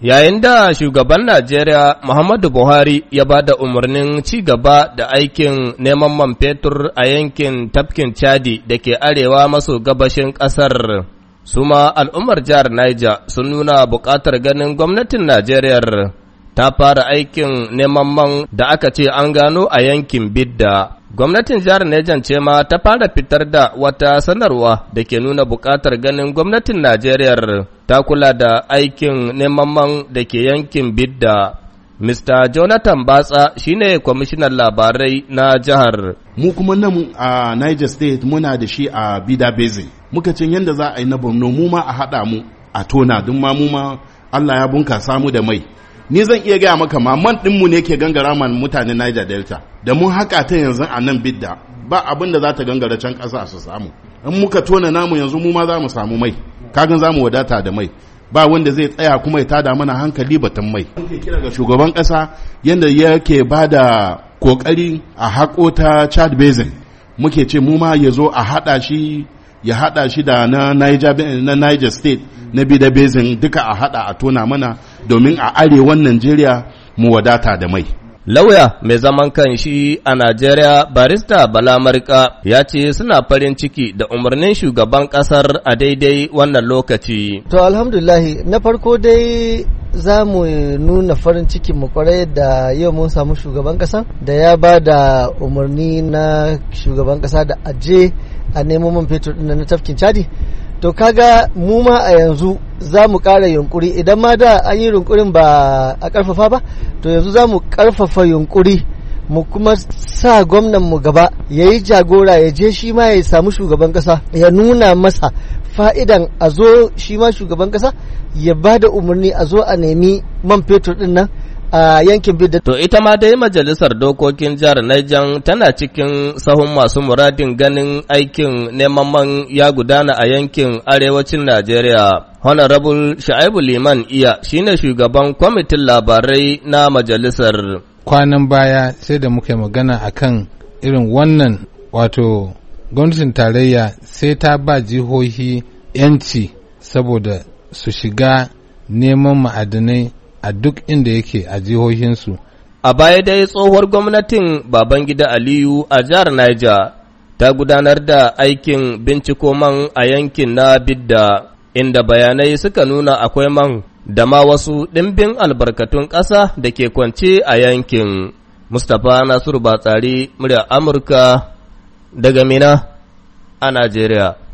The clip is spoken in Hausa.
Yayin da shugaban Najeriya Muhammadu Buhari ya ba da umarnin ci gaba da aikin neman man fetur a yankin tafkin Chadi da ke arewa maso gabashin ƙasar, su ma al'ummar jihar Niger sun nuna buƙatar ganin gwamnatin Najeriya ta fara aikin neman man da aka ce an gano a yankin Bidda. Gwamnatin jihar Nejan ce ma ta fara fitar da wata sanarwa da ke nuna buƙatar ganin gwamnatin Najeriya ta kula da aikin neman da ke yankin Bidda. Mr. Jonathan Batsa shi ne kwamishinan labarai na jihar. Mu kuma nan a Niger State muna da shi a Bida Basin. Muka cin yadda za a yi na Borno mu ma a haɗa mu a tona don ma mu ma Allah ya bunkasa mu da mai. ni zan iya gaya maka ma man ɗinmu ne ke gangara man mutanen niger delta da mun haka ta yanzu a nan bidda ba abin da za ta gangara can ƙasa su samu in muka tona namu yanzu mu ma za mu samu mai kagan za mu wadata da mai ba wanda zai tsaya kuma ya tada mana hankali batun mai kira ga shugaban ƙasa yadda yake ba da kokari a haƙo ta chad basin muke ce mu ma ya zo a haɗa shi ya haɗa shi da na na niger state na bi da bezin duka a hada a tona mana domin a arewan Najeriya mu wadata da mai. Lauya mai zaman kan shi a Najeriya barista Bala Marika ya ce suna farin ciki da umarnin shugaban kasar a daidai wannan lokaci. To alhamdulahi na farko dai za mu nuna farin ciki mu kwarai da yau mun samu shugaban kasa da ya ba da umarni na shugaban kasa da aje a nemo man fetur na tafkin cadi to kaga mu ma a yanzu za mu ƙara yunkuri idan ma da an yi yunkurin ba a ƙarfafa ba to yanzu za mu ƙarfafa yunkuri mu kuma sa gwamnan mu gaba ya yi jagora ya je shi ma ya samu shugaban ƙasa ya nuna masa fa'idan a zo shi ma shugaban ƙasa ya ba da umarni a zo a nemi man fetur ɗin a yankin bidda. To ita ma dai majalisar dokokin jihar Niger tana cikin sahun masu muradin ganin aikin neman man ya gudana a yankin arewacin Najeriya. Honorable Sha'ibu Liman Iya shine shugaban kwamitin labarai na majalisar. Kwanan baya sai da muka magana akan irin wannan wato gwamnatin tarayya sai ta ba jihohi 'yanci saboda su shiga neman ma'adanai a duk inda yake a jihohinsu. A baya dai tsohuwar gwamnatin Babangida Aliyu a jihar Niger ta gudanar da aikin binciko man a yankin na Bidda inda bayanai suka nuna akwai man da ma wasu ɗimbin albarkatun ƙasa da ke kwance a yankin. Mustapha Nasiru Batsari, murya Amurka daga Mina a Najeriya.